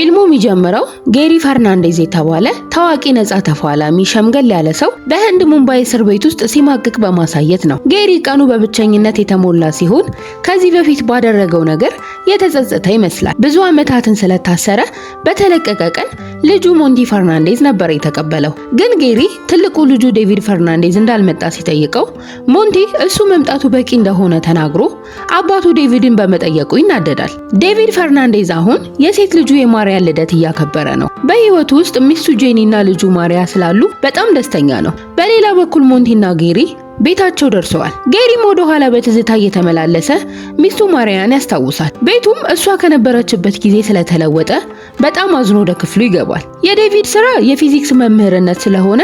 ፊልሙ የሚጀምረው ጌሪ ፈርናንዴዝ የተባለ ታዋቂ ነጻ ተፏላሚ ሸምገል ያለ ሰው በህንድ ሙምባይ እስር ቤት ውስጥ ሲማቅቅ በማሳየት ነው። ጌሪ ቀኑ በብቸኝነት የተሞላ ሲሆን ከዚህ በፊት ባደረገው ነገር የተጸጸተ ይመስላል። ብዙ ዓመታትን ስለታሰረ በተለቀቀ ቀን ልጁ ሞንዲ ፈርናንዴዝ ነበር የተቀበለው። ግን ጌሪ ትልቁ ልጁ ዴቪድ ፈርናንዴዝ እንዳልመጣ ሲጠይቀው ሞንዲ እሱ መምጣቱ በቂ እንደሆነ ተናግሮ አባቱ ዴቪድን በመጠየቁ ይናደዳል። ዴቪድ ፈርናንዴዝ አሁን የሴት ልጁ የማሪ የማሪያን ልደት እያከበረ ነው። በህይወቱ ውስጥ ሚስቱ ጄኒና ልጁ ማርያ ስላሉ በጣም ደስተኛ ነው። በሌላ በኩል ሞንቲና ጌሪ ቤታቸው ደርሰዋል። ጌሪም ወደ ኋላ በትዝታ እየተመላለሰ ሚስቱ ማርያን ያስታውሳል። ቤቱም እሷ ከነበረችበት ጊዜ ስለተለወጠ በጣም አዝኖ ወደ ክፍሉ ይገባል። የዴቪድ ስራ የፊዚክስ መምህርነት ስለሆነ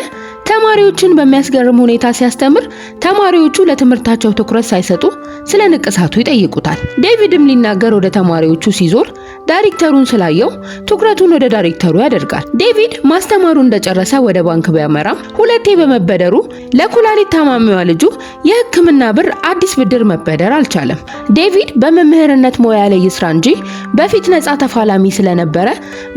ተማሪዎችን በሚያስገርም ሁኔታ ሲያስተምር ተማሪዎቹ ለትምህርታቸው ትኩረት ሳይሰጡ ስለ ንቅሳቱ ይጠይቁታል። ዴቪድም ሊናገር ወደ ተማሪዎቹ ሲዞር ዳይሬክተሩን ስላየው ትኩረቱን ወደ ዳይሬክተሩ ያደርጋል። ዴቪድ ማስተማሩ እንደጨረሰ ወደ ባንክ ቢያመራም ሁለቴ በመበደሩ ለኩላሊት ታማሚዋ ልጁ የሕክምና ብር አዲስ ብድር መበደር አልቻለም። ዴቪድ በመምህርነት ሞያ ላይ ይስራ እንጂ በፊት ነፃ ተፋላሚ ስለነበረ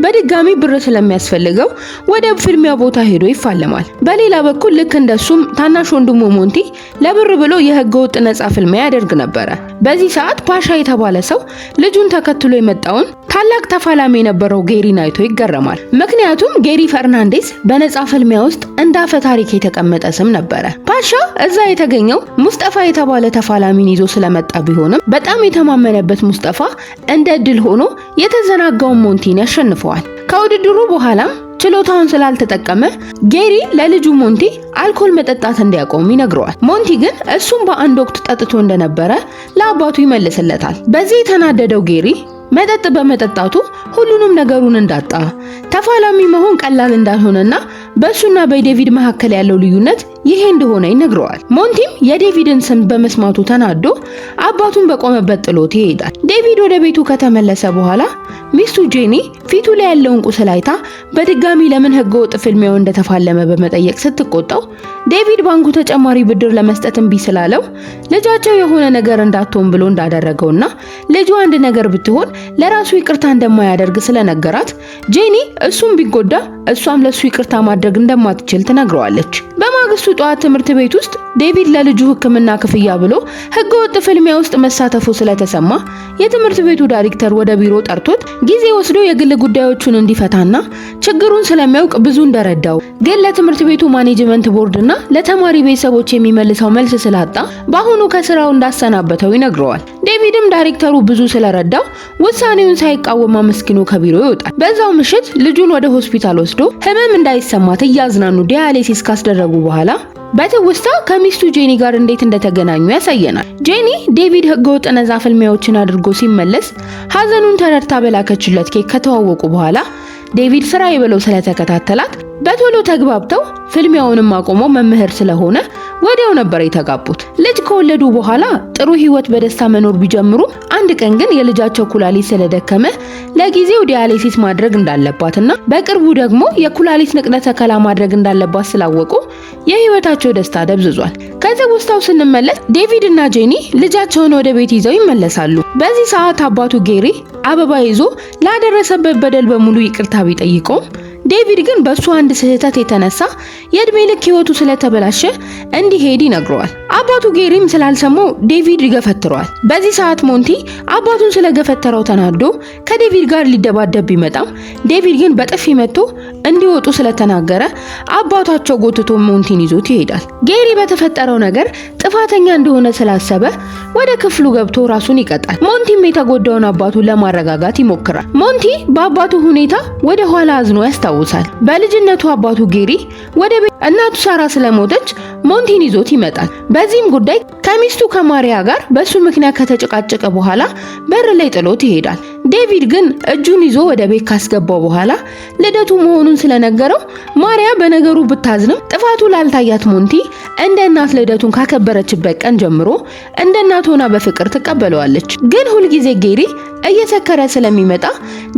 በድጋሚ ብር ስለሚያስፈልገው ወደ ፍልሚያ ቦታ ሄዶ ይፋለማል። በሌላ በኩል ልክ እንደሱም ታናሽ ወንድሙ ሞንቲ ለብር ብሎ የህገ ወጥ ነጻ ፍልሚያ ያደርግ ነበረ። በዚህ ሰዓት ፓሻ የተባለ ሰው ልጁን ተከትሎ የመጣውን ታላቅ ተፋላሚ የነበረው ጌሪን አይቶ ይገረማል። ምክንያቱም ጌሪ ፈርናንዴስ በነጻ ፍልሚያ ውስጥ እንደ አፈ ታሪክ የተቀመጠ ስም ነበረ። ፓሻ እዛ የተገኘው ሙስጠፋ የተባለ ተፋላሚን ይዞ ስለመጣ ቢሆንም በጣም የተማመነበት ሙስጠፋ እንደ እድል ሆኖ የተዘናጋውን ሞንቲን ያሸንፈዋል። ከውድድሩ በኋላም ችሎታውን ስላልተጠቀመ ጌሪ ለልጁ ሞንቲ አልኮል መጠጣት እንዲያቆም ይነግረዋል። ሞንቲ ግን እሱም በአንድ ወቅት ጠጥቶ እንደነበረ ለአባቱ ይመልስለታል። በዚህ የተናደደው ጌሪ መጠጥ በመጠጣቱ ሁሉንም ነገሩን እንዳጣ ተፋላሚ መሆን ቀላል እንዳልሆነና በእሱና በዴቪድ መካከል ያለው ልዩነት ይሄ እንደሆነ ይነግረዋል። ሞንቲም የዴቪድን ስም በመስማቱ ተናዶ አባቱን በቆመበት ጥሎት ይሄዳል። ዴቪድ ወደ ቤቱ ከተመለሰ በኋላ ሚስቱ ጄኒ ፊቱ ላይ ያለውን ቁስል አይታ በድጋሚ ለምን ህገወጥ ፍልሚያው እንደተፋለመ በመጠየቅ ስትቆጣው ዴቪድ ባንኩ ተጨማሪ ብድር ለመስጠት እምቢ ስላለው ልጃቸው የሆነ ነገር እንዳትሆን ብሎ እንዳደረገውና ልጁ አንድ ነገር ብትሆን ለራሱ ይቅርታ እንደማያደርግ ስለነገራት ጄኒ እሱም ቢጎዳ እሷም ለሱ ይቅርታ ማድረግ እንደማትችል ትነግረዋለች። በማግስቱ ጠዋት ትምህርት ቤት ውስጥ ዴቪድ ለልጁ ሕክምና ክፍያ ብሎ ህገወጥ ፍልሚያ ውስጥ መሳተፉ ስለተሰማ የትምህርት ቤቱ ዳይሬክተር ወደ ቢሮ ጠርቶት ጊዜ ወስዶ የግል ጉዳዮቹን እንዲፈታና ችግሩን ስለሚያውቅ ብዙ እንደረዳው ግን ለትምህርት ቤቱ ማኔጅመንት ቦርድና ለተማሪ ቤተሰቦች የሚመልሰው መልስ ስላጣ በአሁኑ ከስራው እንዳሰናበተው ይነግረዋል። ዴቪድም ዳይሬክተሩ ብዙ ስለረዳው ውሳኔውን ሳይቃወም አመስግኖ ከቢሮ ይወጣል። በዛው ምሽት ልጁን ወደ ሆስፒታል ወስዶ ህመም እንዳይሰማት እያዝናኑ ዲያሌሲስ ካስደረጉ በኋላ በትውስታ ከሚስቱ ጄኒ ጋር እንዴት እንደተገናኙ ያሳየናል። ጄኒ ዴቪድ ህገወጥ ነዛ ፍልሚያዎችን አድርጎ ሲመለስ ሀዘኑን ተረድታ በላከችለት ኬክ ከተዋወቁ በኋላ ዴቪድ ስራዬ ብለው ስለተከታተላት በቶሎ ተግባብተው ፍልሚያውንም አቆሞ መምህር ስለሆነ ወዲያው ነበር የተጋቡት። ልጅ ከወለዱ በኋላ ጥሩ ህይወት በደስታ መኖር ቢጀምሩም አንድ ቀን ግን የልጃቸው ኩላሊት ስለደከመ ለጊዜው ዲያሊሲስ ማድረግ እንዳለባትና በቅርቡ ደግሞ የኩላሊት ንቅለ ተከላ ማድረግ እንዳለባት ስላወቁ የህይወታቸው ደስታ ደብዝዟል። ከዚህ ውስጥ ስንመለስ ዴቪድ እና ጄኒ ልጃቸውን ወደ ቤት ይዘው ይመለሳሉ። በዚህ ሰዓት አባቱ ጌሪ አበባ ይዞ ላደረሰበት በደል በሙሉ ይቅርታ ቢጠይቀውም ዴቪድ ግን በሱ አንድ ስህተት የተነሳ የእድሜ ልክ ህይወቱ ስለተበላሸ እንዲሄድ ይነግረዋል። አባቱ ጌሪም ስላልሰማው ዴቪድ ይገፈትረዋል። በዚህ ሰዓት ሞንቲ አባቱን ስለገፈተረው ተናዶ ከዴቪድ ጋር ሊደባደብ ቢመጣም ዴቪድ ግን በጥፊ መጥቶ እንዲወጡ ስለተናገረ አባታቸው ጎትቶ ሞንቲን ይዞት ይሄዳል። ጌሪ በተፈጠረው ነገር ጥፋተኛ እንደሆነ ስላሰበ ወደ ክፍሉ ገብቶ ራሱን ይቀጣል። ሞንቲም የተጎዳውን አባቱ ለማረጋጋት ይሞክራል። ሞንቲ በአባቱ ሁኔታ ወደ ኋላ አዝኖ ያስታውሳል። ያስታውሳል። በልጅነቱ አባቱ ጌሪ ወደ እናቱ ሳራ ስለሞተች ሞንቲን ይዞት ይመጣል። በዚህም ጉዳይ ከሚስቱ ከማሪያ ጋር በሱ ምክንያት ከተጨቃጨቀ በኋላ በር ላይ ጥሎት ይሄዳል። ዴቪድ ግን እጁን ይዞ ወደ ቤት ካስገባው በኋላ ልደቱ መሆኑን ስለነገረው ማሪያ በነገሩ ብታዝንም ጥፋቱ ላልታያት ሞንቲ እንደ እናት ልደቱን ካከበረችበት ቀን ጀምሮ እንደ እናት ሆና በፍቅር ትቀበለዋለች። ግን ሁልጊዜ ጌሪ እየሰከረ ስለሚመጣ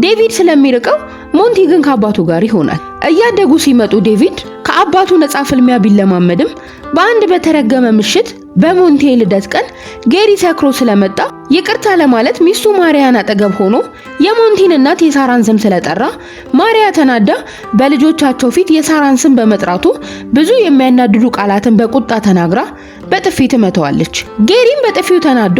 ዴቪድ ስለሚርቀው ሞንቲ ግን ከአባቱ ጋር ይሆናል። እያደጉ ሲመጡ ዴቪድ ከአባቱ ነፃ ፍልሚያ ቢለማመድም በአንድ በተረገመ ምሽት በሞንቴ ልደት ቀን ጌሪ ሰክሮ ስለመጣ ይቅርታ ለማለት ሚስቱ ማሪያን አጠገብ ሆኖ የሞንቲን እናት የሳራን ስም ስለጠራ ማሪያ ተናዳ በልጆቻቸው ፊት የሳራን ስም በመጥራቱ ብዙ የሚያናድዱ ቃላትን በቁጣ ተናግራ በጥፊ ትመተዋለች። ጌሪም በጥፊው ተናዶ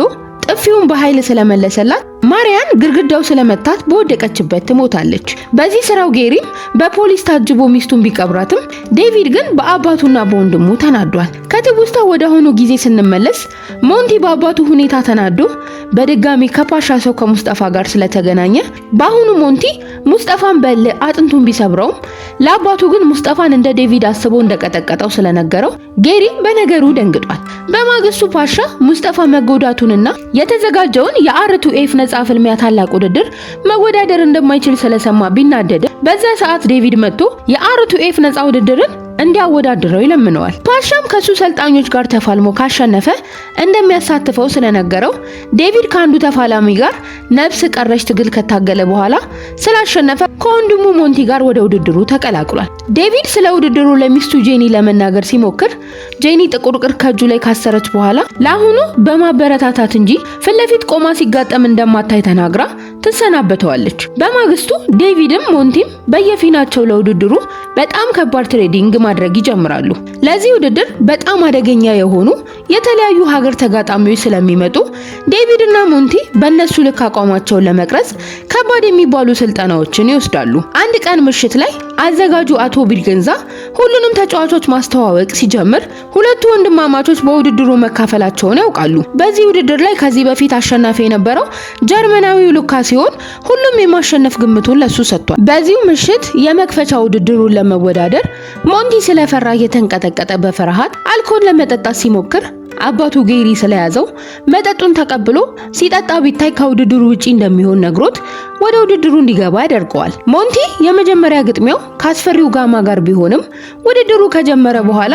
ጥፊውን በኃይል ስለመለሰላት ማርያም ግድግዳው ስለመታት በወደቀችበት ትሞታለች። በዚህ ስራው ጌሪም በፖሊስ ታጅቦ ሚስቱን ቢቀብራትም ዴቪድ ግን በአባቱና በወንድሙ ተናዷል። ከትውስታ ወደ ሆኖ ጊዜ ስንመለስ ሞንቲ በአባቱ ሁኔታ ተናዶ በድጋሚ ከፓሻ ሰው ከሙስጠፋ ጋር ስለተገናኘ በአሁኑ ሞንቲ ሙስጠፋን በል አጥንቱን ቢሰብረውም ለአባቱ ግን ሙስጠፋን እንደ ዴቪድ አስቦ እንደቀጠቀጠው ስለነገረው ጌሪ በነገሩ ደንግጧል። በማግስቱ ፓሻ ሙስጠፋ መጎዳቱንና የተዘጋጀውን የአርቱኤፍ የመጽሐፍ ፍልሚያ ታላቅ ውድድር መወዳደር እንደማይችል ስለሰማ ቢናደደ በዛ ሰዓት ዴቪድ መጥቶ የአርቱኤፍ ነፃ ውድድርን እንዲያወዳድረው ይለምነዋል። ፓሻም ከሱ ሰልጣኞች ጋር ተፋልሞ ካሸነፈ እንደሚያሳትፈው ስለነገረው ዴቪድ ከአንዱ ተፋላሚ ጋር ነፍስ ቀረሽ ትግል ከታገለ በኋላ ስላሸነፈ ከወንድሙ ሞንቲ ጋር ወደ ውድድሩ ተቀላቅሏል። ዴቪድ ስለ ውድድሩ ለሚስቱ ጄኒ ለመናገር ሲሞክር ጄኒ ጥቁር ቅር ከእጁ ላይ ካሰረች በኋላ ለአሁኑ በማበረታታት እንጂ ፊት ለፊት ቆማ ሲጋጠም እንደማታይ ተናግራ ትሰናበተዋለች። በማግስቱ ዴቪድም ሞንቲም በየፊናቸው ለውድድሩ በጣም ከባድ ትሬዲንግ ማድረግ ይጀምራሉ። ለዚህ ውድድር በጣም አደገኛ የሆኑ የተለያዩ ሀገር ተጋጣሚዎች ስለሚመጡ ዴቪድ እና ሞንቲ በእነሱ ልክ አቋም አቋማቸውን ለመቅረጽ ከባድ የሚባሉ ስልጠናዎችን ይወስዳሉ። አንድ ቀን ምሽት ላይ አዘጋጁ አቶ ቢልገንዛ ሁሉንም ተጫዋቾች ማስተዋወቅ ሲጀምር ሁለቱ ወንድማማቾች በውድድሩ መካፈላቸውን ያውቃሉ። በዚህ ውድድር ላይ ከዚህ በፊት አሸናፊ የነበረው ጀርመናዊው ሉካ ሲሆን ሁሉም የማሸነፍ ግምቱን ለሱ ሰጥቷል። በዚሁ ምሽት የመክፈቻ ውድድሩን ለመወዳደር ሞንዲ ስለፈራ እየተንቀጠቀጠ በፍርሃት አልኮል ለመጠጣት ሲሞክር አባቱ ጌሪ ስለያዘው መጠጡን ተቀብሎ ሲጠጣ ቢታይ ከውድድሩ ውጪ እንደሚሆን ነግሮት ወደ ውድድሩ እንዲገባ ያደርገዋል። ሞንቲ የመጀመሪያ ግጥሚያው ከአስፈሪው ጋማ ጋር ቢሆንም ውድድሩ ከጀመረ በኋላ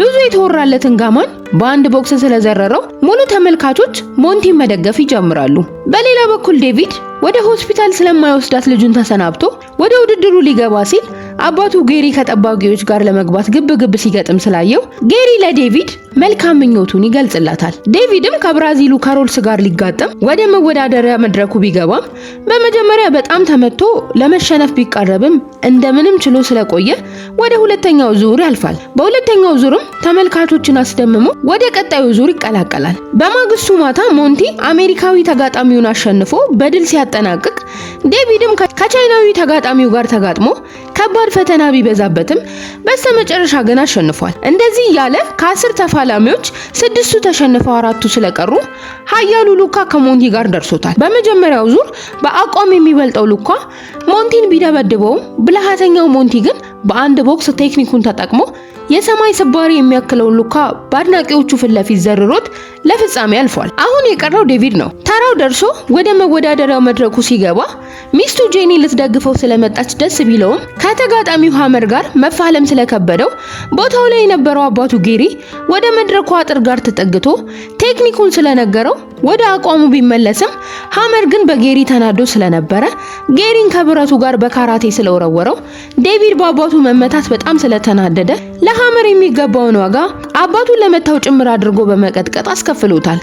ብዙ የተወራለትን ጋማን በአንድ ቦክስ ስለዘረረው ሙሉ ተመልካቾች ሞንቲን መደገፍ ይጀምራሉ። በሌላ በኩል ዴቪድ ወደ ሆስፒታል ስለማይወስዳት ልጁን ተሰናብቶ ወደ ውድድሩ ሊገባ ሲል አባቱ ጌሪ ከጠባቂዎች ጋር ለመግባት ግብ ግብ ሲገጥም ስላየው ጌሪ ለዴቪድ መልካም ምኞቱን ይገልጽላታል። ዴቪድም ከብራዚሉ ካሮልስ ጋር ሊጋጠም ወደ መወዳደሪያ መድረኩ ቢገባም በመጀመሪያ በጣም ተመቶ ለመሸነፍ ቢቃረብም እንደምንም ችሎ ስለቆየ ወደ ሁለተኛው ዙር ያልፋል። በሁለተኛው ዙርም ተመልካቾችን አስደምሞ ወደ ቀጣዩ ዙር ይቀላቀላል። በማግስቱ ማታ ሞንቲ አሜሪካዊ ተጋጣሚውን አሸንፎ በድል ሲያጠናቅቅ ዴቪድም ከቻይናዊ ተጋጣሚው ጋር ተጋጥሞ ከባድ ፈተና ቢበዛበትም በስተመጨረሻ ግን አሸንፏል። እንደዚህ እያለ ከአስር ተፋላሚዎች ስድስቱ ተሸንፈው አራቱ ስለቀሩ ኃያሉ ሉካ ከሞንቲ ጋር ደርሶታል። በመጀመሪያው ዙር በአቋም የሚበልጠው ሉካ ሞንቲን ቢደበድበውም ብልሃተኛው ሞንቲ ግን በአንድ ቦክስ ቴክኒኩን ተጠቅሞ የሰማይ ስባሪ የሚያክለውን ሉካ በአድናቂዎቹ ፊት ለፊት ዘርሮት ለፍጻሜ አልፏል። አሁን የቀረው ዴቪድ ነው። ተራው ደርሶ ወደ መወዳደሪያው መድረኩ ሲገባ ሚስቱ ጄኒ ልትደግፈው ስለመጣች ደስ ቢለውም ከተጋጣሚው ሀመር ጋር መፋለም ስለከበደው ቦታው ላይ የነበረው አባቱ ጌሪ ወደ መድረኩ አጥር ጋር ተጠግቶ ቴክኒኩን ስለነገረው ወደ አቋሙ ቢመለስም ሀመር ግን በጌሪ ተናዶ ስለነበረ ጌሪን ከብረቱ ጋር በካራቴ ስለወረወረው ዴቪድ በአባቱ መመታት በጣም ስለተናደደ ለሀመር የሚገባውን ዋጋ አባቱን ለመታው ጭምር አድርጎ በመቀጥቀጥ አስከፍሎታል።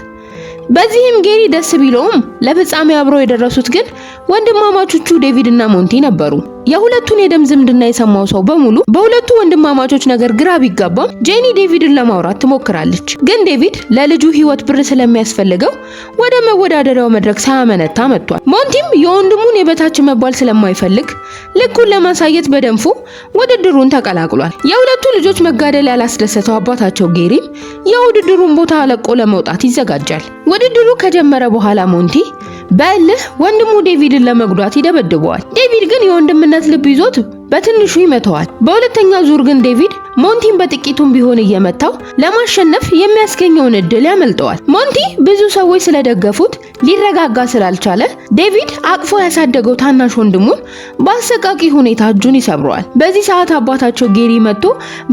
በዚህም ጌሪ ደስ ቢለውም ለፍጻሜ አብረው የደረሱት ግን ወንድማማቾቹ ዴቪድ እና ሞንቲ ነበሩ። የሁለቱን የደም ዝምድና የሰማው ሰው በሙሉ በሁለቱ ወንድማማቾች ነገር ግራ ቢጋባም ጄኒ ዴቪድን ለማውራት ትሞክራለች። ግን ዴቪድ ለልጁ ሕይወት ብር ስለሚያስፈልገው ወደ መወዳደሪያው መድረክ ሳያመነታ መጥቷል። ሞንቲም የወንድሙን የበታች መባል ስለማይፈልግ ልኩን ለማሳየት በደንፉ ውድድሩን ተቀላቅሏል። የሁለቱ ልጆች መጋደል ያላስደሰተው አባታቸው ጌሪም የውድድሩን ቦታ ለቆ ለመውጣት ይዘጋጃል። ውድድሩ ከጀመረ በኋላ ሞንቲ በእልህ ወንድሙ ዴቪድን ለመጉዳት ይደበድበዋል። ዴቪድ ግን የወንድምነት ልብ ይዞት በትንሹ ይመተዋል። በሁለተኛው ዙር ግን ዴቪድ ሞንቲን በጥቂቱም ቢሆን እየመታው ለማሸነፍ የሚያስገኘውን እድል ያመልጠዋል። ሞንቲ ብዙ ሰዎች ስለደገፉት ሊረጋጋ ስላልቻለ ዴቪድ አቅፎ ያሳደገው ታናሽ ወንድሙን በአሰቃቂ ሁኔታ እጁን ይሰብረዋል። በዚህ ሰዓት አባታቸው ጌሪ መጥቶ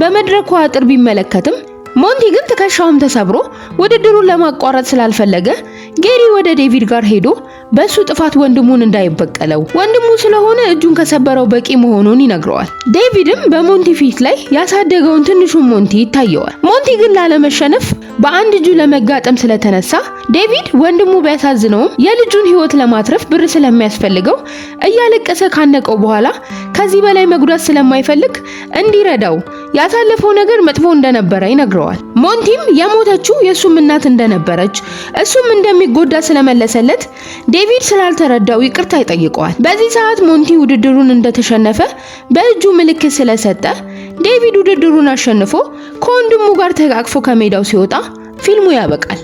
በመድረኩ አጥር ቢመለከትም ሞንቲ ግን ትከሻውም ተሰብሮ ውድድሩን ለማቋረጥ ስላልፈለገ ጌሪ ወደ ዴቪድ ጋር ሄዶ በሱ ጥፋት ወንድሙን እንዳይበቀለው ወንድሙ ስለሆነ እጁን ከሰበረው በቂ መሆኑን ይነግረዋል። ዴቪድም በሞንቲ ፊት ላይ ያሳደገውን ትንሹን ሞንቲ ይታየዋል። ሞንቲ ግን ላለመሸነፍ በአንድ እጁ ለመጋጠም ስለተነሳ ዴቪድ ወንድሙ ቢያሳዝነውም የልጁን ሕይወት ለማትረፍ ብር ስለሚያስፈልገው እያለቀሰ ካነቀው በኋላ ከዚህ በላይ መጉዳት ስለማይፈልግ እንዲረዳው ያሳለፈው ነገር መጥፎ እንደነበረ ይነግረዋል። ሞንቲም የሞተችው የእሱም እናት እንደነበረች እሱም እንደሚጎዳ ስለመለሰለት ዴቪድ ስላልተረዳው ይቅርታ ይጠይቀዋል። በዚህ ሰዓት ሞንቲ ውድድሩን እንደተሸነፈ በእጁ ምልክት ስለሰጠ ዴቪድ ውድድሩን አሸንፎ ከወንድሙ ጋር ተቃቅፎ ከሜዳው ሲወጣ ፊልሙ ያበቃል።